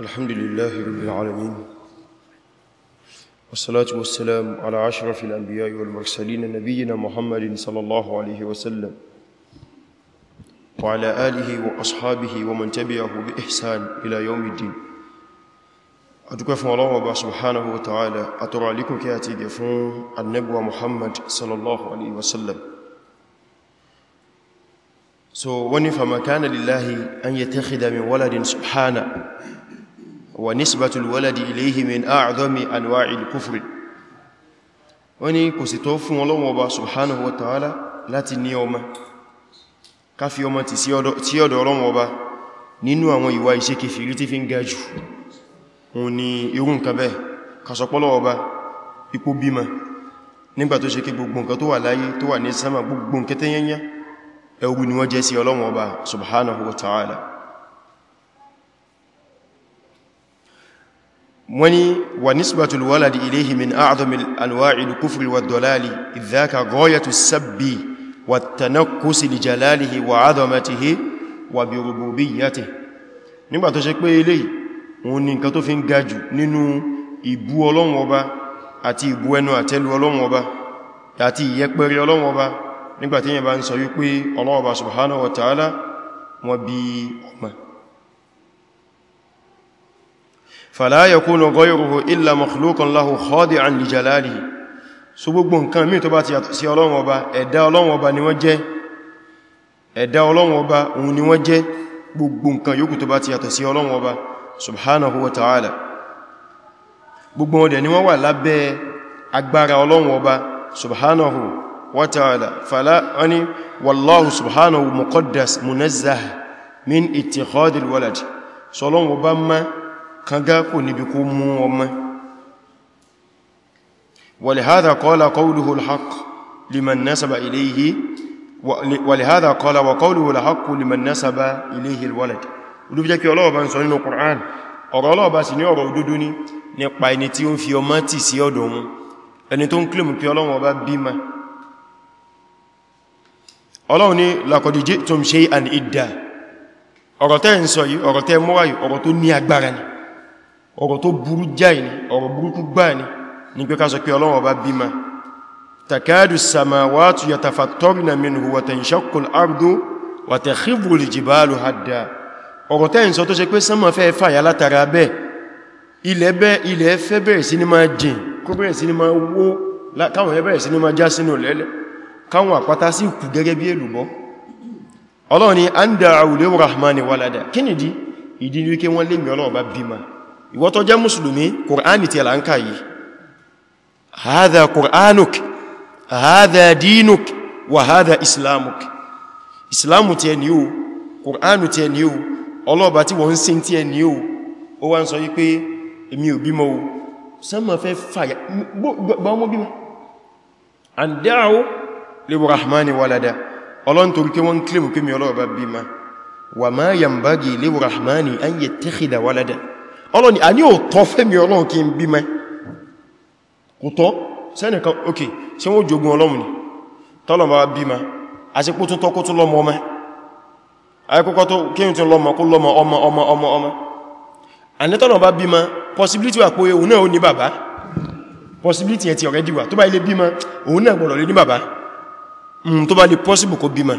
الحمد لله رب العالمين والصلاة والسلام على أشرف الأنبياء والمرسلين نبينا محمد صلى الله عليه وسلم وعلى آله وأصحابه ومن تبعه بإحسان إلى يوم الدين أتكفى الله سبحانه وتعالى أترى لكم كياتي دفون النبوة محمد صلى الله عليه وسلم So when if a man kana lillahi an yatakhidha min waladin subhanahu ونسبة الولد إليه من أعظم أنواع الكفر ó ní kò sì tọ́ fún Ọlọ́hun Ọba subhanahu wa ta'ala láti ní ọmọ ká fi ọmọ tì sí ọ̀dọ̀ Ọlọ́hun Ọba nínú àwọn ìwà iṣẹ́ kèfèrí tí fi ń ga jù òun ni irú nǹkan bẹ́ẹ̀ ká sọ pé Ọlọ́hun Ọba ipò bímọ nígbà tó gbogbo nǹkan tó wà láyé tó wà ní sánmà gbogbo nǹkan tẹ́yẹnyẹ ni wọ́n jẹ́ sí Ọlọ́hun Ọba subhanahu wa ta'ala wani wa nisbatul waladi ilayhi min a'zamil anwa'il kufri wad dalali idhaka ghayatu sabbi wat tanaqqus li jalalihi wa 'azamatihi wa bi rububiyyatihi nígbà tó ṣe pé eléyìí wọ́n ní nǹkan tó fi ń gajù nínú ìbú Ọlọ́run Ọba àti ìbú ẹnu àtẹ́lu Ọlọ́run Ọba àti ìyẹpẹrẹ Ọlọ́run Ọba nígbà yẹn bá ń sọ fàlá yakunu ghayruhu illa makhluqan lahu khadi'an li jalalihi so gbogbo nǹkan mí tó bá ti yàtọ̀ sí Ọlọ́run Ọba ẹ̀dá Ọlọ́run Ọba ni wọ́n jẹ́ ẹ̀dá Ọlọ́run Ọba òun ni wọ́n jẹ́ gbogbo nǹkan yòókù tó bá ti yàtọ̀ sí Ọlọ́run Ọba subhanahu wa ta'ala gbogbo wọn dẹ̀ ni kangákò níbi kó mú ọmọ ولهذا قال قوله الحق لمن نسب إليه ولهذا قال وقوله الحق لمن نسب إليه الولد olúbí jẹ́ kí ọlọ́ọ̀bá ń sọ nínú Qur'an ọ̀rọ̀ ọlọ́ọ̀bá sí ní ọ̀rọ̀ òdodo ní nípa ẹni tí ó ń fi ọmọ tì sí ọ̀dọ̀ wọn ẹni tó ń kílèmù pí ọlọ́wọ̀n ọba bímá ọlọ́run ni laqad ji'tum shay'an idda ọ̀rọ̀ tẹ́ ń sọ yìí ọ̀rọ̀ tẹ́ mọ́wàá yìí ọ̀rọ̀ tó ní agbára ni ọ̀rọ̀ tó burú jáì ní ọ̀rọ̀ burúkú gbáà ní ní pé ká sọ pé Ọlọ́run Ọba bímọ takadu samawatu yatafattarna minhu wa tanshaqqu al-ardu wa takhiru al-jibalu hadda ọ̀rọ̀ tẹ́ ń sọ tó ṣe pé sánmà fẹ́ fàyà látara bẹ́ ilẹ̀ bẹ́ ilẹ̀ ni an da'u lir walada kí nìdí ìdí ní wíké wọ́n lè mìíràn ọba bímọ ìwọ tó jẹ́ mùsùlùmí kùránì tí ẹ̀láńkà yìí haza kùránùk haza dínùk wà haza islamuk islamu tí ẹni o kùránù tí ẹni o ọlọ́ọ̀bá tí wọ́n ń sin tí ẹni o ó wá ń sọ wípé èmi ò bímọ o sánmà fẹ́ fàyà gbọ́mọ́ bímọ an lè wọ rahmani walada ọlọ́n torí wọ́n kílèmù ọlọ́ni a ní ò tọ́ fẹ́mi ọlọ́run kí n bí mẹ́ kò tọ́ sẹ́nìkan òkè ṣe wọ́n jogun ọlọ́run ni tọ́lọ̀ ma bí ma a ṣe kó tún tọ́ kó tún lọ́mọ ọmọ ayẹ́kọ́kọ́ tó kí n tún lọ́mọ kó lọ́mọ ọmọ ọmọ ọmọ ọmọ àní tọ́lọ̀ bá bí ma possibility wà pé òun náà ó ní bàbá possibility ẹ̀ ti already wà tó bá ilé bí ma òun náà gbọ́dọ̀ lè ní bàbá hmm, tó bá lè possible kó bí ma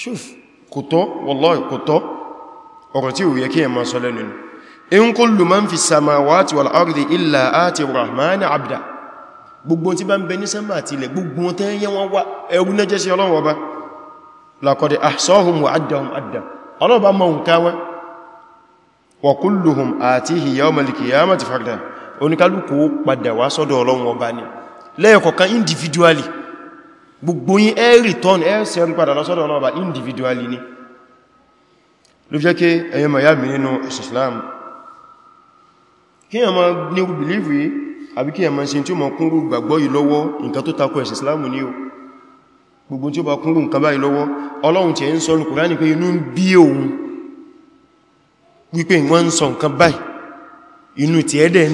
ṣùf kò tọ́ wallahi kò tọ́ ọ̀rọ̀ tí ò yẹ kí ẹ máa sọ lẹ́nu ni in kullu man fi samawati wal ardi illa ati rahmani abda gbogbo tí bá ń bẹ ní sánmà àti ilẹ̀ gbogbo tẹ́ yẹ wọn wá ẹrú náà jẹ́sí ọlọ́run ọba laqad ahsahum wa addahum adda ọlọ́run bá mọ̀hún káwọn wa kulluhum atihi yawmal qiyamati farda oníkálùkù padà wá sọ́dọ̀ ọlọ́run ọba ni lẹ́ẹ̀kọ̀kan individually gbogbo yín ẹ return ẹ sẹ́rí padà lọ sọ́dọ̀ ọlọ́run ọba individually ni ló fi jẹ́ kí ẹyẹ mọ̀ yá mi nínú Islam kí ẹ̀mọ́ ní bìlìfì àbí kí ẹ̀mọ́ ṣe tí ó mọ̀ kúrú gbàgbọ́ yìí lọ́wọ́ nǹkan tó takò ẹ̀sìn Islam ní o gbogbo tí ó bá kúrú nǹkan báyìí lọ́wọ́ Ọlọ́run tí ẹ̀ ń sọ ní Kùránì pé inú ń bí òun wípé wọ́n ń sọ nǹkan báyìí inú tí ẹ̀dẹ̀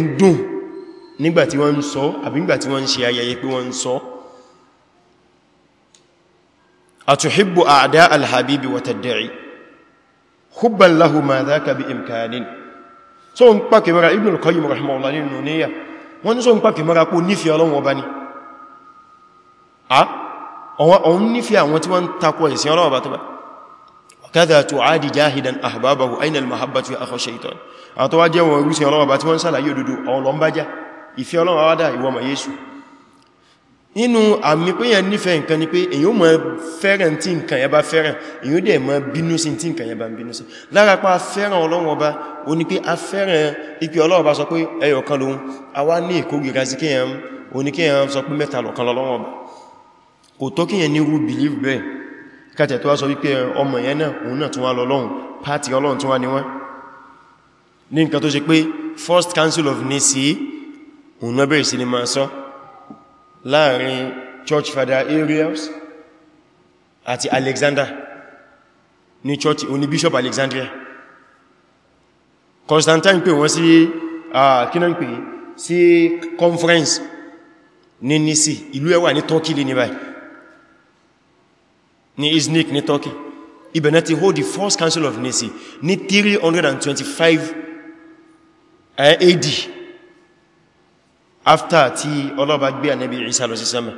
so n pàkì mara Ibn al-Qayyim rahimahullah nínú níyà wọ́n ní so n pàkì mara kó nífẹ́ Ọlọ́run ọba ni ọ̀hún nífẹ́ àwọn tí wọ́n takọ̀ ìsìn Ọlọ́run ọba tó bá kadha tu'adi jahidan ahbabahu ayna al-mahabbatu ya akha shaytan àtọwà jẹ́ wọn rúsìn Ọlọ́run ọba tí wọ́n sálàyé òdodo ọlọ́mbájá ìfẹ́ Ọlọ́run ọba dá ìwọ̀mọ̀ Yésù nínú àmì pé yẹn nífẹ̀ẹ́ nǹkan ni pé èyí ó mọ̀ fẹ́ràn tí nǹkan yẹn bá fẹ́ràn èyí ó dẹ̀ mọ̀ bínú sí tí nǹkan yẹn bínú sí lára pa fẹ́ràn ọlọ́run ọba o ní pé a fẹ́ràn ipi ọlọ́run ọba sọ pé ẹyọ kan lòun a wá ní ìkórìíra sí believe bẹ́ẹ̀ kàtẹ̀ tó wá sọ wípé ọmọ yẹn náà òun náà tún wá first council of Nicaea òun náà láàrin church father Arius àti Alexander ní church oní bishop Alexandria Constantine pè wọ́n sí kínan pè sí conference ní Nisi ìlú ẹwà ní Turkey lè ní báyìí ní Iznik ní Turkey ibẹ̀ náà ti hold the first council of Nisi ní 325 AD after tí ọlọ́ba gbé ànẹ́bí Ìsá lọ sí sánmà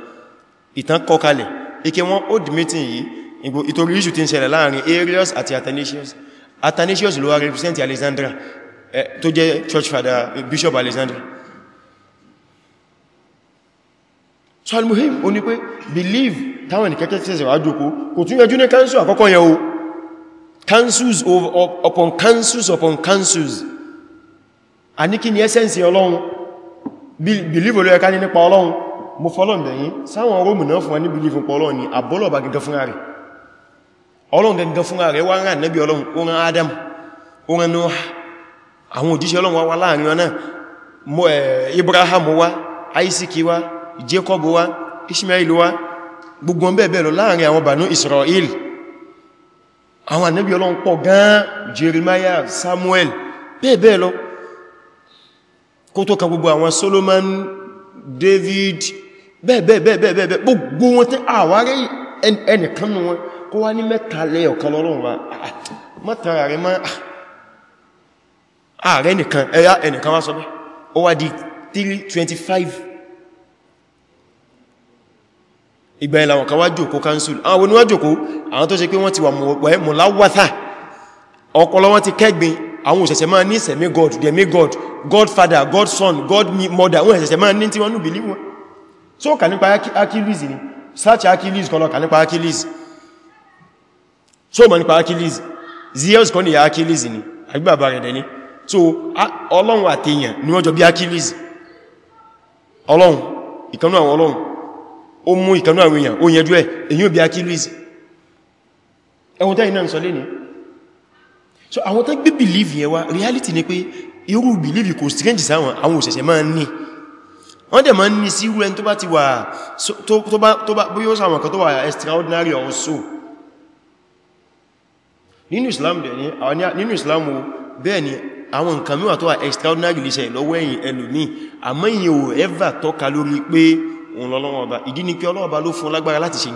ìtàn kọkalẹ̀ ike wọ́n old meeting yìí ìgbò ìtorí issue tí ń ṣẹlẹ̀ láàrin Arius àti Athanasius Athanasius ló wá represent Alexandria eh, tó jẹ́ church father eh, bishop Alexandria so al-muhim o ní pé believe táwọn ìkẹ́kẹ́ sẹ́sẹ̀ wá jókó kò tún yẹjú ní council àkọ́kọ́ yẹn o councils upon councils upon councils a ní kí ni essence Ọlọ́run believe olóyẹ ká ní nípa ọlọ́run mo fọ́lọ́n bẹ̀yìn sáwọn rómù náà fún wa ní believe nípa ọlọ́run ni àbọ́lọ̀ bá gẹ́gẹ́ fúnra rẹ̀ ọlọ́run gẹ́gẹ́ fúnra rẹ̀ wá rán nẹ́bí ọlọ́run ó rán Adam ó rán Noah àwọn òjíṣẹ́ ọlọ́run wá láàrin Isaac wá Jacob wá Ishmael wá gbogbo bẹ́ẹ̀ lọ láàrin àwọn Banu Israel àwọn ànẹ́bí ọlọ́run pọ̀ gan Jeremiah Samuel bẹ́ẹ̀ bẹ́ẹ̀ lọ kó tó kan gbogbo àwọn Solomon David bẹ́ẹ̀bẹ́ẹ̀bẹ́ẹ̀bẹ́ẹ̀ gbogbo wọn tí àwárí ẹnìkan nù wọn kó wá ní mẹ́ta lẹ́yọ̀ kan lọ́lọ́run wa mọ́ta rẹ̀ máa ààrẹ nìkan ẹ̀yà ẹnìkan wá sọ bẹ́ ó wá di 325 ìgbà ìlàwọ̀n kan wá jòkó council àwọn oníwájòkó àwọn tó ṣe pé wọ́n ti wà mọ̀láwátà ọpọlọ wọn ti kẹ́gbin àwọn òṣẹ̀ṣẹ̀ máa ní sẹ̀mí god dẹ̀mí god God father, godfather godson godmother wọ́n ẹ̀ṣẹ̀ṣẹ̀ máa ní tí wọ́n nù bìlí wọn so kà nípa achilles ni search achilles kan lọ kà nípa achilles so mọ̀ nípa achilles zeus kan níyà achilles ni àgbàbà rẹ̀ dẹni so ọlọ́run àtèyàn ni wọ́n jọ bí achilles ọlọ́run ìkanú àwọn ọlọ́run ó mú ìkanú àwọn èèyàn ó yẹjú ẹ̀ èyí ò bí achilles ẹwọ́n tẹ́yìn náà ń sọ lé nìí so àwọn tó gbé believe yẹn wá reality ni pé irú believe kò strange sáwọn àwọn òṣẹ̀ṣẹ̀ máa ń ní wọ́n dẹ̀ máa ń ní sí irú ẹni tó bá ti wà tó bá bóyá sáwọn kan tó wà extraordinary or so nínú Islam dẹ̀ ní nínú Islam o bẹ́ẹ̀ ni àwọn nǹkan mìíràn tó wà extraordinary lè ṣẹlẹ̀ lọ́wọ́ ẹ̀yìn ẹlòmí àmọ́ ìyẹn ò ever tọ́ka lórí pé òun lọ́lọ́wọ́ ọba ìdí ni pé Ọlọ́run ọba ló fún lágbára láti ṣe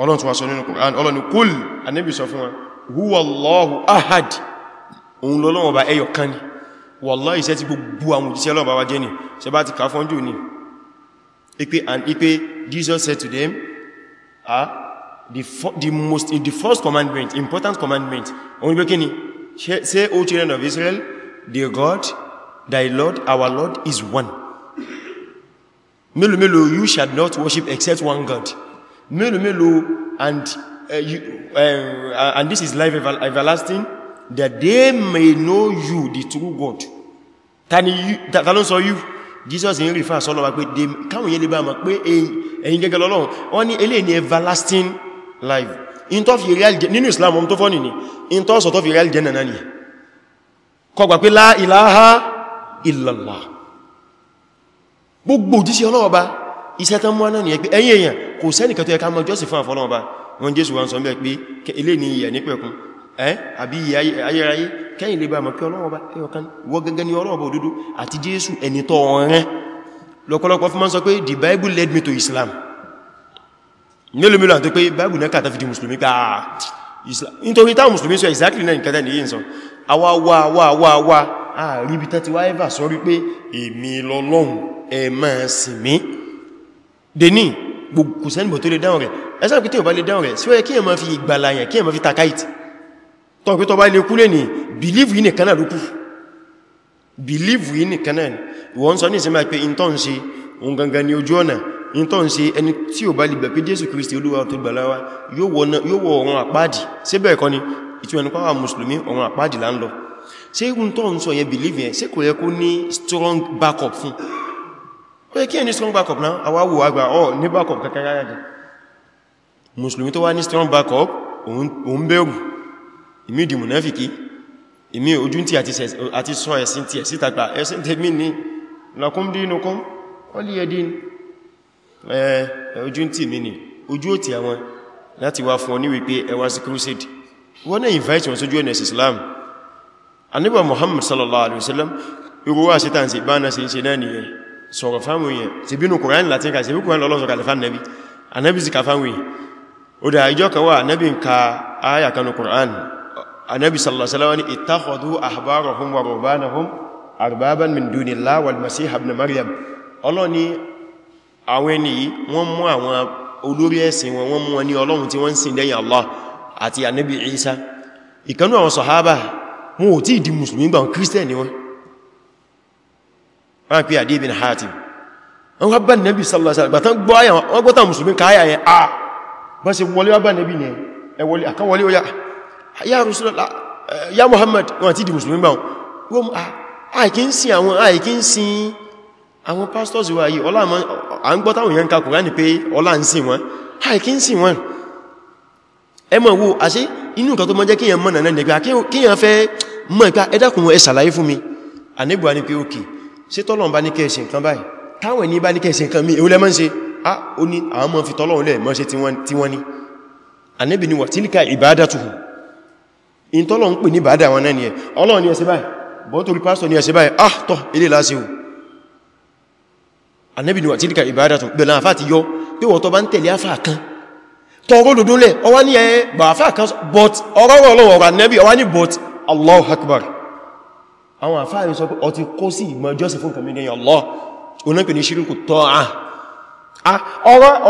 ọlọ́n tí wọ́n sọ nínú Qur'an ọlọ́ni kúl annabi sọ fún wọn huwallahu ahad òun lọ́lọ́wọ́ bá ẹyọ kan ní wallahi iṣẹ́ ti gbogbo àwọn òjíṣẹ́ lọ́wọ́ bá wá jẹ́ ní ṣe bá ti kàfọ́n jù ní ipé Jesus said to them ah, the, the, most, the first commandment important commandment òun ibé kíni say o children of Israel their God thy Lord our Lord is one mélòó mélòó you shall not worship except one God Melo, melo, and uh, you, uh, and this is life everlasting that they may know you the true God tani ta ló sọ you Jesus in refer sọ́lọ́ wa pé káwọn yẹ́ lè bá ma pé ẹ̀yin gẹ́gẹ́ lọ́lọ́run wọ́n ní eléyìí ni everlasting life in tó fi real nínú Islam ọmọ tó fọ́ nìní in tó sọ tó fi real jẹ́ nàná ni kọgbà pé la ilaha illallah gbogbo òjíṣẹ́ ọlọ́ọ̀ba iṣẹ́ tán mú náà ni ẹgbẹ́ ẹ̀yìn èèyàn kò sẹ́nìkan tó yẹ mọ́ jọ́sì fún àfọ́lọ́wọ́ bá wọn jésù wọn sọ mẹ́ pé ilé ni ìyẹ̀ nípẹ̀kún àbí ayẹ́ráyé kẹ́yìn lè bá mọ̀ pé ọlọ́wọ́ bá ẹyọkan wọ́n the bible led me to islam nílùmílò àti pé bible náà kàtà fi di mùsùlùmí ká ah, islam nítorí táwọn mùsùlùmí sọ exactly náà nìkẹta nìyí sọ wa wa wa wa àríbi tán ti wáyé bà sọ wípé èmi lọ́lọ́hun ẹ máa sìn deni kò sẹ́nìbò tó lè dáhùn rẹ̀ ẹsẹ́ pé tí ò bá lè dáhùn rẹ̀ sí ọyẹ kí èèyàn máa fi ìgbàlàyàn kí èèyàn máa fi takaiti tọ́ pé tọ́ bá lè kú lè ní bìlífù yìí nìkan náà ló kú bìlífù yìí nìkan náà wọ́n sọ ní ìsinmi pé intọ́ ń ṣe ohun gangan ni ojú ni ìtumọ̀ nípa strong backup ó yẹ kí ẹni strong backup náà àwáwò àgbà ọ̀ oh, ní backup kankan rárá jẹ mùsùlùmí tó wá ní strong backup òun bẹ̀rù ìmí di mùnáfìkì ìmí ojú tí àti sọ ẹ̀sìn tí ẹ̀sìn tàgbà ẹ̀sìn tèmi ní lakum dinukum waliya din ojú tí mi ní ojú òtì àwọn láti wá fún ọ invite wọn sójú ẹ̀nà Muhammad sallallahu alaihi wasallam irú wá sí tàǹsì bá sọ̀rọ̀ fáwọn èèyàn tí bínú kòrán láti ń ka ìsẹ̀bí kòrán lọ́lọ́sọ̀ kàlẹ̀fà nẹ́bí anẹ́bí sì ka fáwọn èèyàn ó dá ìjọ kan wà anẹ́bí ń ka áyà kanú kòrán anẹ́bí sallallahu ní ittakhadhu ahbarahum wa ruhbanahum arbaban min dunillahi wal masiha ibn maryam ọlọ́ni àwọn ẹni wọ́n mú àwọn olórí ẹ̀sìn wọn wọ́n mú wọn ní ọlọ́run tí wọ́n sìn lẹ́yìn allah àti anẹ́bí isa ìkanú àwọn sàhábà wọn ò tí ìdí mùsùlùmí gbà kírísítẹ̀ ni wọn wọ́n pè àdí ibn Hatim wọ́n wá bá nẹ́bí sallallahu alaihi wasallam gbọ́ ayà wọ́n gbọ́ta musulmi ka ayà yẹn a bá ṣe wọlé wá bá ya ya Rasulullah ya Muhammad wọ́n ti di musulmi bá wọn àìkí ń sin àwọn àìkí ń sin àwọn pastors wà yìí ọlá à ń gbọ́ta wọn yẹn ka Kùránì pé ọlá ń sin wọn àìkí ń sin wọn ẹ mọ̀ wo àṣẹ inú nǹkan tó mọ́ jẹ́ kíyàn mọ̀ nànà nẹ̀gbà kíyàn fẹ́ ṣe tọ́lọ̀n bá ní kẹ́ ṣe nǹkan báyìí táwọn ní bá ní kẹ́ ṣe nǹkan mí eúlẹ́ mọ́ ṣe a ó ní àwọn mọ́ fi tọ́lọ̀n lẹ́ mọ́ ṣe tí wọ́n ní Ànábì ní wà tílíkà ìbádàtuhu in tọ́lọ̀n pè ní bàádà wọn náà ni ẹ̀ Ọlọ́run ni ẹ ṣe báyìí bọ́tòrí pásítọ̀ ni ẹ ṣe báyìí ah tọ́ ilé láṣe o Ànábì ní wà tílíkà ìbádàtuhu bẹ̀rẹ̀ àfà ti yọ pé wọ́n tọ́ bá ń tẹ̀lé àfà kan tọ́rọ dòdó lẹ̀ ọwá ní ẹ bà àfà kan but ọ̀rọ̀ ọ̀rọ̀ ọ̀rọ̀ Ànábì ọwá ní but Allahu Akbar àwọn àfáàrí sọ pé ọ ti kó sí ìmọ̀ jọ́sìn fún kàmí ní ọlọ́ onípe ní ṣíríkù tọ́ à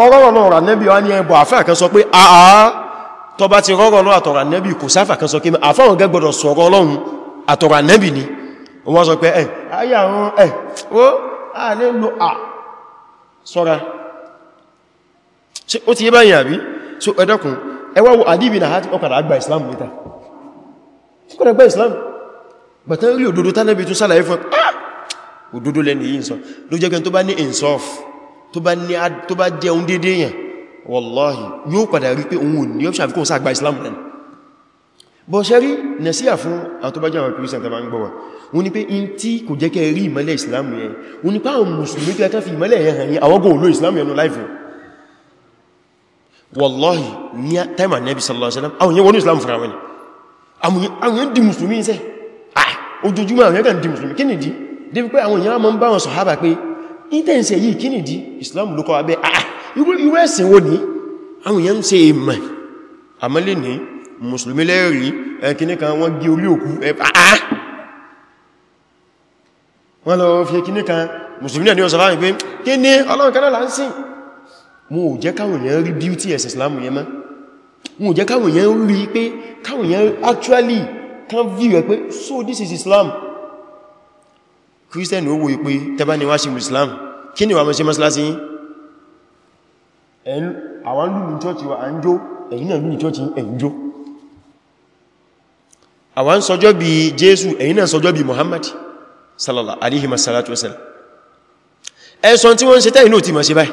ọ̀rọ̀ náà rà nẹ́bí wá ní ẹbọ̀ àfáà kan sọ pé àà tọ bá ti rọ́rọ̀ náà àtọ̀rà nẹ́bí kò sáfà kan sọ kí àfáàrùn gẹ́gbọ́dọ̀ sọ̀rọ̀ ọlọ́run àtọ̀rà nẹ́bí ni wọ́n sọ pé ẹ̀ ayé àwọn ẹ̀ ó à lè lo à sọ́ra ó ti yé báyìí àbí so ẹ̀dọ́kùn ẹwà wo àdíbì náà ọkàdà àgbà ìsìlámù níta kọ́dà àgbà ìsìlámù bàtán rí òdodo tánàbí tún sálàyé fún ah! òdodo lẹ́nu yìí sọ ló jẹ́ gẹn tó bá ní insof tó bá ní tó bá jẹ́ oun dédé yẹn wallahi yóò padà rí pé òun ní ọ́pṣà àfikún sàgbà islam lẹ́nu bọ́ ṣe rí nẹ̀síyà fún àtọ́bájá àwọn kìrìsàn tàbí ń gbọ́wà wọ́n ní pé islam yẹn wọ́n ní pé àwọn mùsùlùmí kí a fi ìmọ́lẹ̀ yẹn hàn yí islam yẹn láìfún wallahi ní time annabi sallallahu alaihi wasallam àwọn yẹn wọ́n ní islam fúnra ni àwọn yẹn di mùsùlùmí sẹ́ẹ̀ ojoojúmọ́ àwọn ẹ̀kàn di mùsùlùmí kí nìdí débi pé àwọn èèyàn mọ́ ń bá wọn sọ̀hábà pé intense yìí kí nìdí Islam ló kọ́ abẹ́ àà ah, irú ẹ̀sìn wo ní àwọn èèyàn ń ṣe èèmà àmọ́lé ní mùsùlùmí lẹ́rí ẹkìní kan wọ́n gé orí òkú àà ah! wọ́n lọ fi ẹkìní kan mùsùlùmí náà ní ọ̀sọ̀ fáwọn pé kí ní ọlọ́run kanáà láńsìn beauty ẹ̀sìn Islam yẹn mọ́ mo ò jẹ́ káwọn èèyàn rí pé actually kan view ẹ so this is Islam Christian ó wòye pé tẹba ni wá ṣe Islam kí ni wà mọ́ ṣe mọ́sílásí yìí ẹ̀yìn àwọn lùlù chọ́ọ̀chì wa à ń jó ẹ̀yìn náà lùlù chọ́ọ̀chì ẹ̀yìn jó àwọn sọjọ́ bí Jésù ẹ̀yìn náà sọjọ́ bí Muhammad sallallahu alaihi wasallam ẹ̀sùn tí wọ́n ń ṣe tẹ́yìn náà ti mọ̀ sí báyìí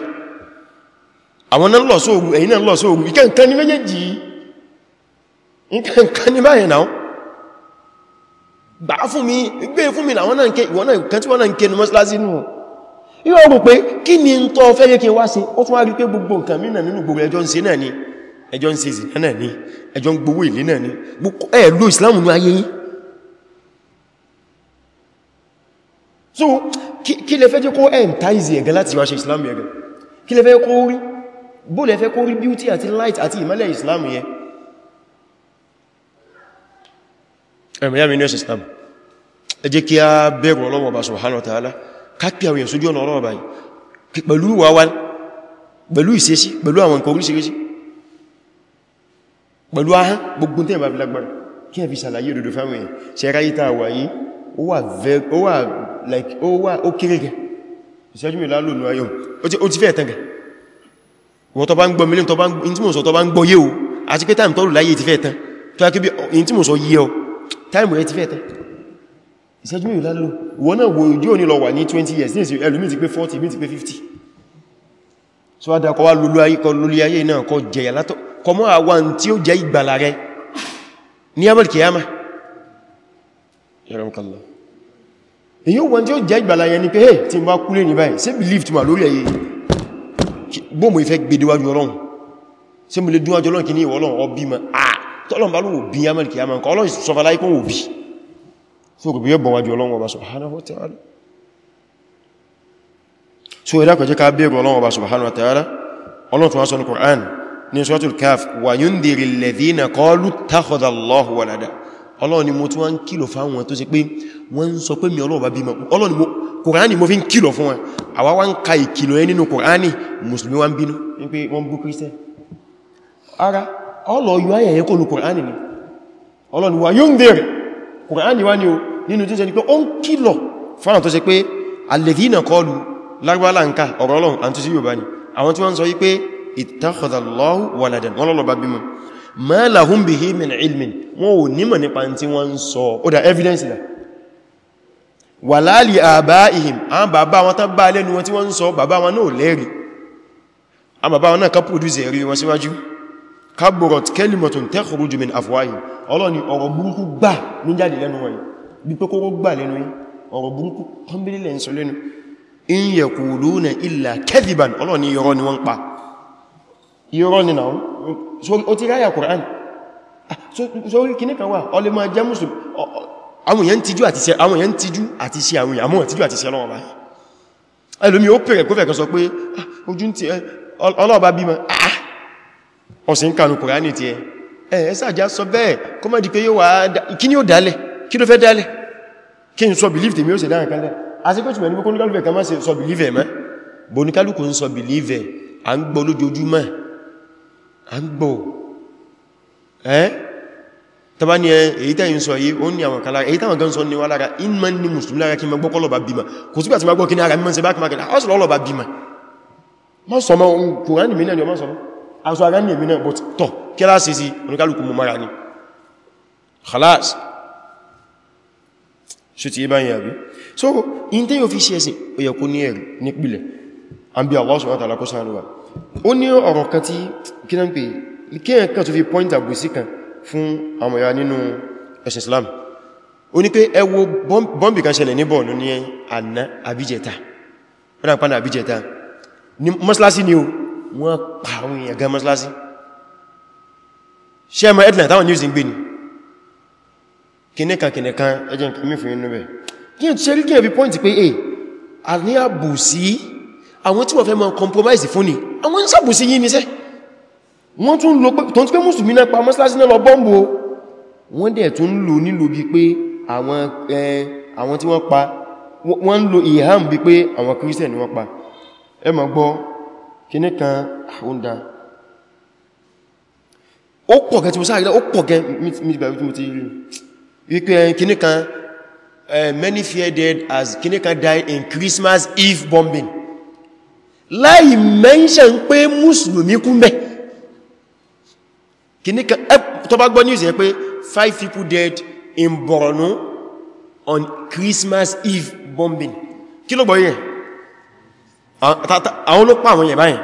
àwọn náà lọ sóògùn ẹ̀yìn náà lọ sóògùn ìkẹ́ǹkan ní méjèèjì ìkẹ́ǹkan ní báyìí náà gbà fún mi gbé fún mi làwọn náà ń ké ìwọ̀n náà kan tí wọ́n náà ń ké ní mọ́sílásí nù yíò rò pé kí ni ń tọ́ fẹ́ yé kí wá sí ó tún wá rí pé gbogbo nǹkan mìíràn nínú gbogbo ẹjọ́ ń ṣe náà ni ẹjọ́ ń ni ẹjọ́ ń gbowó ìlé náà ni ẹ lo ìsìláàmù ní ayé yín so kí lẹ fẹ́ jẹ́ kó ẹ̀ ń táìzì ẹ̀gẹ́ láti wá ṣe ìsìláàmù ẹ̀gẹ́ kí lẹ fẹ́ bó lẹ fẹ́ kó rí beauty àti light àti ìmọ́lẹ̀ ìsìláàmù yẹn ẹ̀mìyàmì ní ẹ̀sìn Islam ẹ jẹ́ kí a bẹ̀rù ọlọ́wọ̀ bá subhanahu ta'ala kápí àwọn èèyàn sójú ọ̀nà ọlọ́wọ̀ báyìí pẹ̀lú wàwá pẹ̀lú ìṣesí pẹ̀lú àwọn nǹkan oríṣiríṣi pẹ̀lú ahán gbogbo tẹ́ ìbáfilagbára kí ẹ fi sàlàyé òdòdó fáwọn èèyàn ṣe ráyí ta wà yí ó wà ó kéré gẹ ìṣẹ́jú mi lálò ní ayọ́ ó ti fẹ́ ẹ̀tẹ́gẹ̀ wọ́n tó bá ń gbọ́ mílíọ̀n tó bá ń gbọ́ yé o àti pé táìmù tọ́lù láyé ti fẹ́ ẹ̀tẹ́ tó yá kí bí ìyìn tí time rẹ̀ ti fẹ́ tẹ́ ìṣẹ́jú mẹ́rin lálò wọ́n náà wo ojú òní lọ wà ní 20 years ní ìsìn ẹlùmí ti pé 40 mí ti pé 50 so adakọ̀ wá lólú ayé kọ lólú ayé náà kọ jẹyà látọ̀ kọ mọ́ àwọn tí ó jẹ ìgbàlà rẹ ní amẹ́lìkìyàmà yàrá èyí wọn tí ó jẹ́ ìgbàlá ni pé hey tí n bá kúlé ní báyìí sí believe tí ma lórí ẹ̀yẹ bóòmù tọ́lọ̀n bá lóò bí yamal kìyàmà nǹkan ọlọ́rin sọfà láìkún òbí fún kò bí yóò bọ̀wàjú ọlọ́run ọba subhanahu wa ta'ala so ẹ̀dá kọjẹ́ ká bẹ̀rù ọlọ́run ọba subhanahu wa ta'ala ọlọ́run tún wá sọ́nà Qur'an ní suratul Kahf wa yundhiri alladhina qalu ittakhadha Allahu walada ọlọ́run ni mo tún wá ń kìlọ̀ fáwọn tó ṣe pé wọ́n ń sọ pé ara ọlọ̀ yóò ayẹyẹ kó lu kùránì ni ọlọ́ni wa yóò ń bèèrè kùránì wá ní o nínú tó ṣe ní pé ó ń kìlọ̀ fánà tó ṣe pé alladhina qalu lágbàlá nǹka ọ̀rọ̀ ọlọ́run àti àwọn Allahu waladan ma lahum bihi min ilmin wọn ò nímọ̀ nípa tí wọ́n ń sọ ó dá evidence dà wala li abaihim àwọn bàbá wọn tán bá lẹ́nu wọn tí wọ́n ń sọ bàbá wọn náà lẹ́rìí àwọn bàbá wọn náà ká produce ẹ̀rí wọn síwájú kaburot kelimatun takhruju min afwahi ọlọ́ni ọ̀rọ̀ burúkú gbà ní jáde lẹ́nu wọ̀nyí bí pé kóró gbà lẹ́nu yìí ọ̀rọ̀ burúkú kọmbílì lẹ́ sọ lẹ́nu in yaquluna illa kadhiban ọlọ́ni irọ́ ni wọ́n pa irọ́ ni náà so ó ti ráyà Qur'an so orí kìní kan wà ọlẹ́ máa jẹ́ mùsùlùm àwọn èèyàn tijú àti ṣe ọ̀sí ń kànù kùránì tí ẹ ẹ̀ sàjá sọ bẹ́ẹ̀ kó má di pé yóò wà kí ní ó dálẹ̀ kí ló fẹ́ dálẹ̀ kí n sọ believe tèmi ó sì dára kan lẹ́ àsìkòtù mẹ́rin kó níkàlùfẹ́ kan má believe ẹ̀ mẹ́ bò níkàlùkù ń sọ believe ẹ̀ à ń gbọ́ lójoojúmọ́ à ni èyí tẹ́ ń sọ yìí ó ní àwọn kalára èyí táwọn gan sọ ní wá lára in ma ní mùsùlùmí lára kí ma gbọ́ kọlọ̀bà mọ́ sọmọ́ kùránì mílẹ̀ ni ọmọ sọmọ́ aṣọ ara ní èmi náà but tọ̀ kí láti sí oníkálùkù mú mara ní khalas ṣe ti yé báyìí àbí so in tí yóò fi ṣe ẹ̀sìn ó kó ní ẹ̀rù nípìlẹ̀ an bí Allah subhanahu wa ta'ala kó ṣàánú wa ó ní ọ̀rọ̀ kan tí kí náà Islam ó ní pé ẹ wo bọ́m̀bì kan ṣẹlẹ̀ ní bọ̀ọ̀nù ní àná àbíjẹta ó dà pàdà ni o wọ́n pa àwọn èèyàn gan mọ́sálásí ṣẹ́mọ̀ edna táwọn news ń gbé ni kìnnìkan kìnnìkan ẹjẹ́ ìkìmí fún inú bẹ̀ kí n ṣe rí kí n fi point pé eh a ní àbùsí àwọn tí wọ́n compromise fún ni àwọn ìsàbùsí yìí níṣẹ́ wọ́n tún lò pé tó ń pé mùsùlùmí náà pa mọ́sálásí náà lọ bọ́m̀bò wọ́n dẹ̀ tún lò nílò bí pé àwọn tí wọ́n pa wọ́n ń lo ìhàm bí pé àwọn kírísẹ̀ ni wọ́n pa ẹ gbọ́ kíní kan àwúndá ó pọ̀ gẹ́ tí mo sáré ó pọ̀ gẹ́ mítígbà tí mo ti rí wípé eh, kíní kan eh, many fear dead as kíní kan die in Christmas Eve bombing láì mention pé mùsùlùmí kú mẹ́ kíní kan eh, tó bá gbọ́ news yẹn pé five people dead in Borno on Christmas Eve bombing kí ló gbọ́ yẹn àwọn ló pa àwọn yẹn báyìí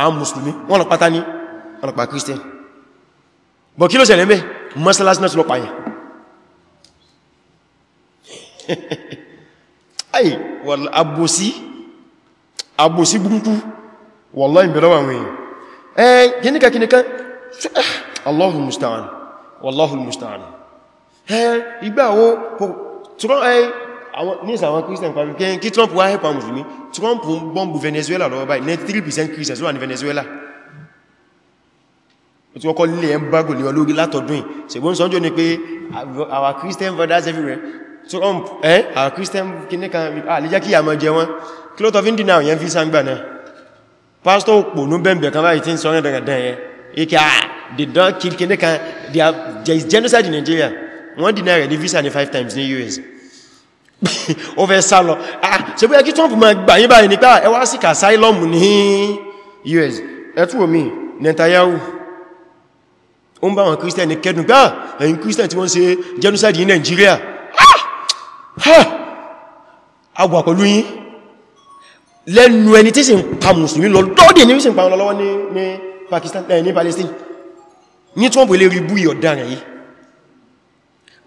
àwọn mùsùlùmí wọ́n lọ pátá ní wọ́n lọ pa christian bọ̀ kí ló ṣẹlẹ̀ mẹ́ mọ́sálásí náà lọ pààyàn ayi wọ́n abòsí abòsí burúkú wallahi ìbẹ̀lọ́wà àwọn èèyàn ẹ̀ gíníkà kíníkà Allahu musta'an nísà àwọn christian pàbí kí trump wá help àwọn mùsùlùmí trump ń bọ́m̀bù venezuela lọ́wọ́ báyìí 93% christians wà ní venezuela tí wọ́n kọ́ lílẹ̀ embargo lè olórí látọ̀dún ṣègbón sọ́njọ́ ni pé our christian brothers everywhere trump eh our christian kìnnìkan àlejá kí àmọ́ jẹ wọn cloth of india yẹn fi sáńgbà náà pastor òpò ní bẹ̀m̀bẹ̀ kan báyìí tí ń sọ́rọ̀ dandan yẹn ike ah they don't kill kìnnìkan there is genocide in nigeria wọ́n deny rẹ̀ visa ní five times ní us ó fẹ́ sá lọ ah, ṣe bí ẹkí Trump ma gbà yí báyìí nípa ah, ẹ wá sí asylum ní US ẹtùwò mi Netanyahu ó ń bá wọn Christian ní kẹ́dùn pé ah, ẹ̀yin Christian tí wọ́n ṣe genocide ní Nigeria agbà pẹ̀lú yín lẹ́nu ẹni tí sì ń pa mùsùlùmí lọ lọ́dẹ̀ ní sì ń pa wọn ní Pakistan eh, ní Palestine ní Trump lè rí bú ìyọ̀dá rẹ̀ yìí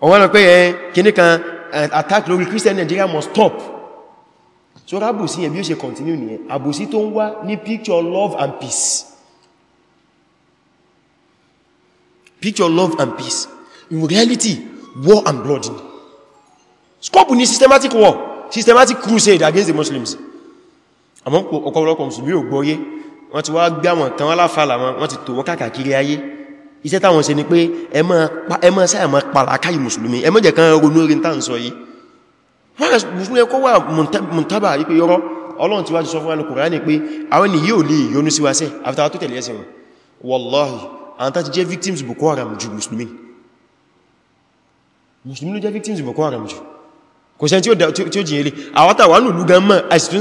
ọ̀wọ́n lọ pé ẹ eh, kìníkan Eh, attack lórí Christian Nigeria must stop so rábòsí yẹn bí ó ṣe continue nìyẹn àbòsí tó ń wá ní picture love and peace picture love and peace in reality war and blood ni scope ni systematic war systematic crusade against the Muslims àmọ́ ọ̀pọ̀lọpọ̀ mùsùlùmí ò gbọ́yé wọ́n ti wá gbá kan aláfàlà wọn ti tò wọ́n káàkiri ayé iṣẹ́ táwọn ṣe ni pé ẹ má sáyà má pàlàkà yìí mùsùlùmí ẹ má jẹ́ kan ronú orin tàà ń sọ yìí wọ́n rẹ̀ mùsùlùmí kó wà mùntábà yí pé yọ́rọ́ ọlọ́run ti wá ti sọ fún al pé àwọn ni yóò lè yọnú sí wáṣẹ́ àfitàwà jẹ́ victims Boko Haram ju mùsùlùmí mùsùlùmí ló jẹ́ victims Boko Haram ju kò sẹ́ tí ó jìyàn lé àwọn tàà wà lùlú gan mọ́ àìsì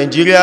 Nigeria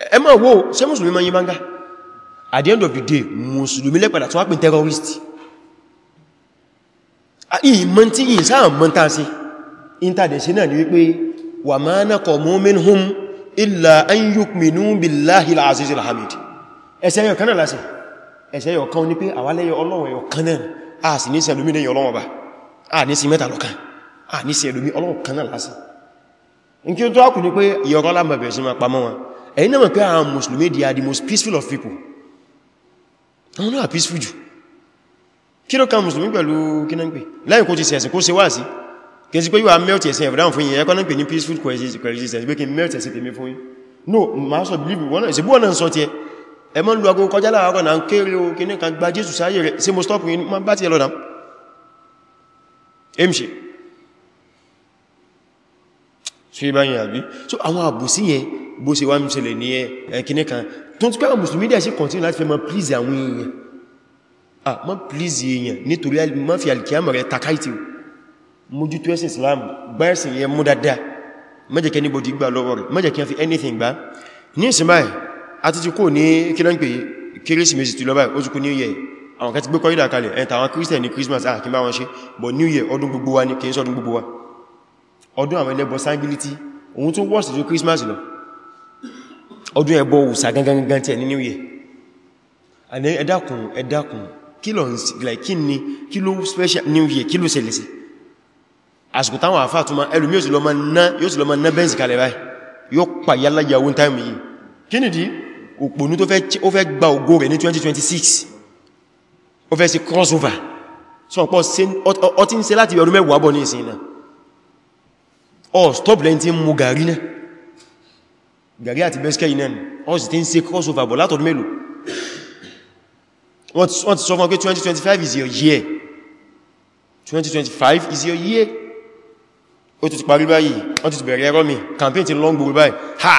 ẹ máa wò ṣé mùsùlùmí máa yín bánga at the end of the day mùsùlùmí lẹ́pàdà tó wá pín terrorist ìmọ̀ tí yìí sáà mọ́ tàà sí intadẹ̀ṣẹ́ náà ni wípé wa ma naqamu minhum illa an yu'minu billahi al-aziz al-hamid ẹsẹ̀ yọ̀ kan náà lásì ẹsẹ̀ yọ̀ kan ní pé àwálẹ́yọ ọlọ́wọ̀ yọ̀ kan náà a sì ní sẹlómi lẹ́yìn ọlọ́wọ̀ bá a ní sí mẹ́ta lọ́kan a ní sẹlómi ọlọ́wọ̀ kan ma pamọ́ ẹ̀yin náà mọ̀ pé àwọn mùsùlùmí they are the most peaceful of people àwọn náà peaceful jù kí ló kan mùsùlùmí pẹ̀lú kí náà ń pè láì kó ti sẹ̀sìn kó se wá sí kí n sí pé yíwa melt ẹ̀sìn ẹ̀fẹ̀dáhùn fún yìí ẹkọ́ náà pè ní peaceful coexistence pé kí n melt ẹ̀sìn tèmi fún yìí no ma sọ believe wọn náà ìsìnbó náà sọ ti ẹ ẹ mọ́ lu agogo kọjá láàárọ̀ náà ń kéré o kí ní kan gba Jésù sáyé rẹ̀ sí mo stop yìí má bá ti so ìbáyìn àbí so àwọn bó ṣe wá ń ṣẹlẹ̀ ní ẹkìní kan tó ń tí pẹ́wàá mùsùlùmí dẹ̀ sí continue láti fẹ́ mọ́ please àwọn èèyàn ah mọ́ please èèyàn nítorí mọ́ fi alkiyama rẹ̀ takaiti mójútó ẹ̀sìn Islam bẹ́ẹ̀sìn yẹ mú dáadáa mẹ́jẹ̀ kẹ́ níbodì gbà lọ́wọ́ fi anything gbá ní ìsinmáì àti ti kó ní kílọ́n pé kérésìmesì ti lọ́bàá ó ti kú new year àwọn kẹ́ ti gbé kọ́ christmas àkí bá wọn ṣe but new year ọdún gbogbo wa ní kìí sọdún gbogbo wa ọdún àwọn ẹlẹ́bọ̀ sangility ohun tó wọ́sì ju christmas lọ ọdún ẹbọ òsà gangan tẹ̀ ní new year and then ẹ̀dàkùn ẹ̀dàkùn kí lọ ní kí ló special new year kí ló ṣẹlẹ̀ sí àsìkò táwọn àfáà tó ma ẹlùmí yóò sì lọ ma ná bẹ́ǹsì kalẹ̀ báyìí yóò pa yálàyàwó táìmì yìí kí nìdí òpònú tó fẹ́ gba ògo ní 2026 ó crossover so ọ̀pọ̀ ọtí ń ṣe láti ọdún mẹ́wàá bọ̀ stop lẹ́ntí mú gàrí àti bẹ́ṣkẹ́ inan wọ́n sì ti ń ṣe crossover bọ̀ látọ̀dún mélòó wọ́n ti sọ fún ọgbé 2025 is your year 2025 is your year ó ti parí báyìí wọ́n ti bẹ̀rẹ̀ ẹ̀rọ mi campaign ti long gbogbo báyìí ha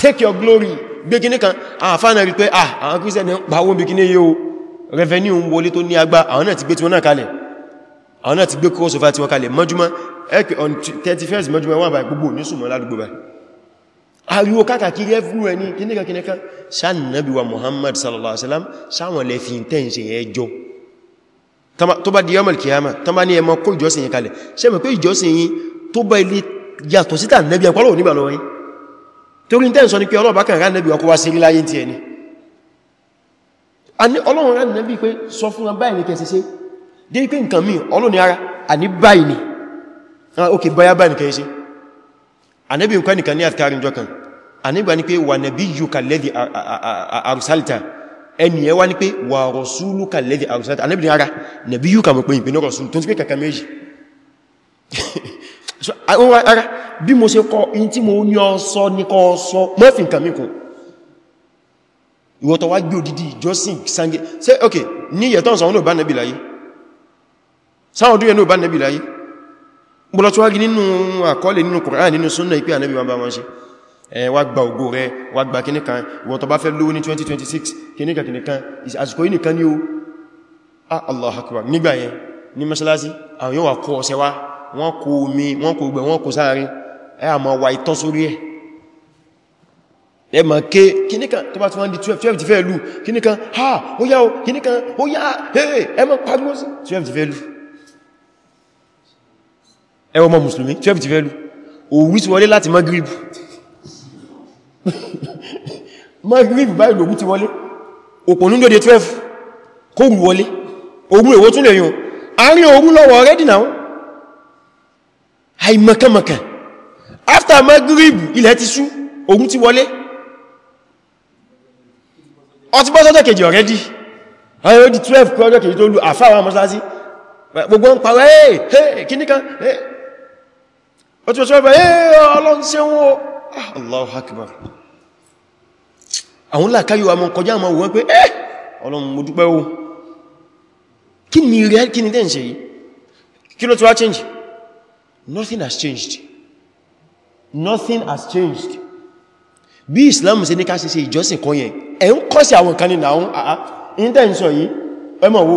take your glory gbégíní kan àfáànà rí pé ah àwọn christian pàwọ́ gbégíní yóò revenue ń wọlé tó ní agbá àwọn náà ti gbé tiwọn náà kalẹ̀ àwọn náà ti gbé crossover tiwọn kalẹ̀ mọ́júmọ́ on 31st mọ́júmọ́ wọ́n báyìí gbogbo ní sùmọ́ ládùgbò báyìí ariwo kákàkiri everywhere ní kíníkà kíníkà sáànàbíwa Muhammad sallallahu alaihi wasallam sáwọn lè fi tẹ́ǹsẹ̀ ẹjọ́ tó bá di yọmọ̀lì kìyàmà tó bá ní ẹmọ kó ìjọsìn yìí kalẹ̀ ṣe mọ̀ pé ìjọsìn yìí tó bá ilé yàtọ̀ síta nẹ́bí ọpọlọ onígbà lọ yìí torí tẹ́ǹsọ ni pé ọlọ́ọ̀bá kan rán nẹ́bí ọkọ̀ wá sí láyé ti ẹni ọlọ́run rán nẹ́bí pé sọ fún wọn báyìí kẹsẹ̀ dé pé nǹkan míì ọlọ́run ara àní báyìí ni ah, ok báyá báyìí kẹsẹ̀ anẹ́bí nǹkan ni ní àtìkárin jọkan anẹ́bí wá ní pé wà nẹ̀bí yù kàlẹ́dì àrùsálìta ẹni ẹwà ní pé wà rọ̀súlù kàlẹ́dì àrùsálìta anẹ́bí ní ara nẹ̀bí yù kàmọ̀ pé ìpín ní rọ̀súlù tó ti pé kàkà méjì ara bí mo ṣe kọ in tí mo ní ọsọ ní kọ ọsọ mọ́fin kàmí kùn ìwọ̀tọ̀ wá gbé òdìdí ìjọsìn sange ṣe ok ní ìyẹ̀tọ́ sáwọn náà bá nẹ́bì láyé sáwọn dúnyẹ̀ náà bá nẹ́bì láyé bọ́lọ́tíwági nínú àkọọ́lẹ̀ nínú Kùránì nínú súnnà ìpé ànábì wọn bá wọn ṣe wà gba ògbò rẹ wà gba kìníkan ìwọ̀n tó bá fẹ́ lówó ní 2026 kìníkan kìníkan àsìkò ìnìkan ní o ah, Allah akbar nígbà yẹn ní mẹ́sàlásí àwọn yóò wà kó ọ̀sẹ̀ wá wọ́n kó omi wọ́n kó gbẹ̀ wọ́n kó sáàrin ẹ àmọ́ wà ìtọ́ sórí ẹ̀ ẹ ma ké kìníkan tó bá ti wọ́n di 12 ti fẹ́ lù ha ó yá o kìníkan ó yá ẹ mọ́ pàdúró sí 12 ti fẹ́ ẹwọ ọmọ mùsùlùmí 12 ti fẹ́lú òwú ti wọlé láti magrib magrib báyìí lòwú ti wọlé òpònú lóde 12 kó wù wọlé òwú èwó tún lè yùn àárín òwú lọ́wọ́ rẹ́dì náà àìmọ̀kànmọ̀kàn after magrib ilẹ̀ ti sú òwú ti wọlé ọtí bọ́ sọ́jọ́ kejì ọ̀rẹ́dì ayọ́ di 12 kọjọ́ kejì tó lù àfáwà mọ́sálásí gbogbo ń parẹ́ ẹ̀ kíníkan ẹ̀ ó ti sọ́rọ̀ ẹ̀ ọlọ́n sí wọn Allahu Akbar àwọn làkáyò àmọ́ kọjá àmọ́ wọ́n pé ẹ́ eh, ọlọ́n mo dúpẹ́ o kí ni rẹ̀ kí ni dẹ́ǹṣẹ́ yìí kí ló ti wá change nothing has changed nothing has changed bí Islam ṣe ní ká ṣe ṣe ìjọsìn kan yẹn ẹ̀ ń kọ́ sí àwọn kan ní àwọn àá ní dẹ́ǹṣọ́ yìí ẹ mọ̀ wò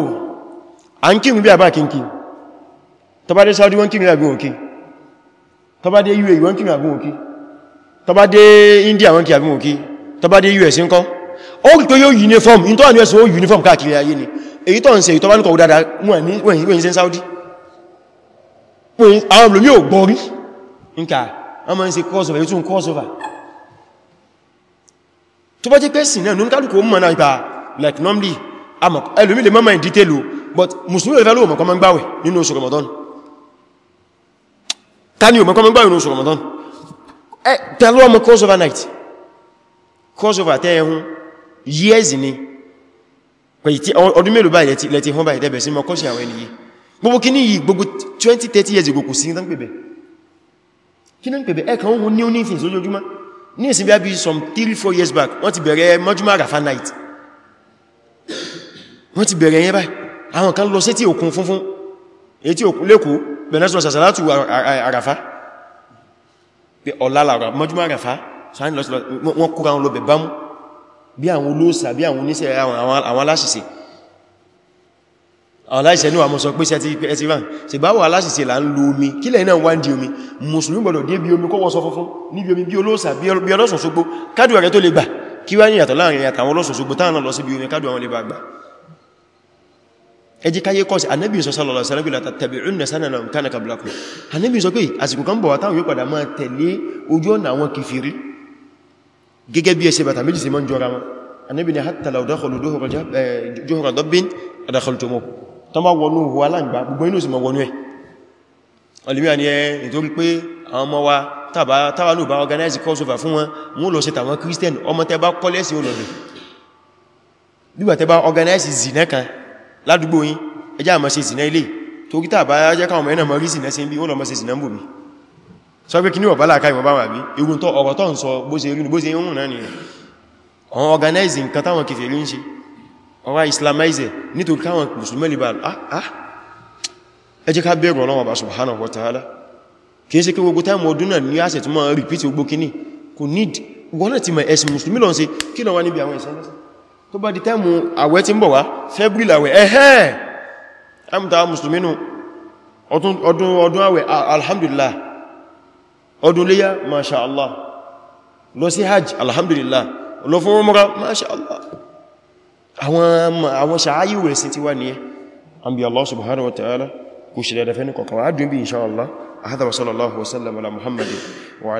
à ń kírun bí àbá kínkín tó bá dé Saudi wọ́n kírun àbí wọn kínkín tó bá dé UAE wọ́n kí mi àgún òkí tó bá dé India wọ́n kí àgún òkí tó bá dé US ńkọ́ ó rí pé yóò uniform in tó wà ní US ó uniform káàkiri ayé ni èyí tó ń ṣe ìtọ́bá nìkọ̀ dáadáa wọ́n ṣe Saudi àwọn olómi ò gbọ́rí nǹkà wọ́n máa ń ṣe crossover yóò tún crossover tó bá jẹ́ pẹ́sìn náà nínú kálùkù ó mọ̀ náà like normally ẹlòmí lè mọ́mọ̀ in detail but musulmi lè fẹ́ lóòmọ̀ kọ́ mọ́ gbáwẹ̀ nínú oṣù Ramadan tani o mọ̀ kọ́mọ̀ gbáyìn oṣù Ramadan ẹ tẹ́lú cause crossover night over, tẹ́ ẹ̀hún years ni pẹ̀yìtí ọdún mélòó báyìí lẹ́ti hún báyìí tẹ́bẹ̀ sí mọ́ kọ́sí àwọn ènìyàn gbogbo kí ní yìí gbogbo 20-30 years ago kò sí tán pẹ̀bẹ̀ kí náà pẹ̀bẹ̀ ẹ̀kan ohun ní oní things lójoojúmọ́ ní ìsìn bí i some 3-4 years back wọ́n ti bẹ̀rẹ̀ mọ́júmọ́ àràfà night wọ́n ti bẹ̀rẹ̀ yẹn báyìí àwọn kan lọ sétí òkun funfun ètí òkun lẹ́kọ̀ọ́ bẹ̀rẹ̀sùn sàṣàlátù àràfá pé ọ̀lálàrà mọ́júmọ́ àràfá wọ́n kúra wọn lọ bẹ̀ bámú bí àwọn olóòsà bí àwọn oníṣẹ́ àwọn aláṣìṣẹ́ àwọn aláṣìṣẹ́ ní wà mọ́ sọ pé ṣẹ́tí rán ṣe bá wà aláṣìṣẹ́ là ń lo omi kí lẹ́yìn náà wá ń di omi mùsùlùmí gbọ́dọ̀ dé bí omi kó wọ́n sọ funfun níbi omi bí olóòsà bí ọlọ́sùn sógbó kádùn rẹ̀ tó lè gbà kí wá ní ìyàtọ̀ láàrin àtàwọn àwọn lè bá ẹjí káyé kọ́sí anábì sọ sálọ́lọ́ sálọ́bì látà tàbí ìrìnà sánàlá kánà kàblákù anábì sọ pé àsìkò kan bọ̀ wá táwọn yóò padà máa tẹ̀lé ojú ọ̀nà àwọn kìfìrí gẹ́gẹ́ bí ẹsẹ̀ bàtà méjì sí mọ́ ni hatta law dakhalu juhra dabbin adakhaltumuh tó má wọnú hu aláǹgbá gbogbo ni ẹ nítorí pé àwọn ọmọ wa táwa ló bá organize course over fún wọn wọn lọ sí tàwọn Christian ọmọ bí wà tẹ bá organize zina kan ládùúgbò yín ẹjá àmọ́ ṣe ìsìnà ilé torí tàbá jẹ́ káwọn mẹ́rin mọ́ rí ìsìnà sí ibi wọ́n lọ mọ́ ṣe ìsìnà ń bò mí sọ pé kí ní ọ̀bá láàká ìwọ̀n bá wà bí irun tó ọ̀rọ̀ tó ń sọ bó ṣe rí bó ṣe rún náà nìyàn àwọn organize nǹkan táwọn kìfẹ̀ islamize nítorí káwọn mùsùlùmí lè bá ah, ah, ẹ jẹ́ ká bẹ̀rù wa ta'ala kì í ṣe kí gbogbo táìmù ọdún náà ní àṣẹ tó máa repeat gbogbo kíní kò need wọ́n náà ti tó bá di tẹ́mù àwẹ́ tí ń bọ̀ wá february àwẹ́ ẹ̀hẹ́ ẹmùta musulminu ọdún ọdún àwẹ́ alhamdulillah ọdún léyá masha Allah lọ sí hajj alhamdulillah lọ fún ọmọra masha Allah àwọn ṣàáyíwẹ̀ sí ti wá ní ẹ an bí Allah subhanahu wa ta'ala kò ṣe dada fẹ́ni kọ̀kan adùn bí insha Allah ahada wa sallallahu wa sallam ala muhammadin wa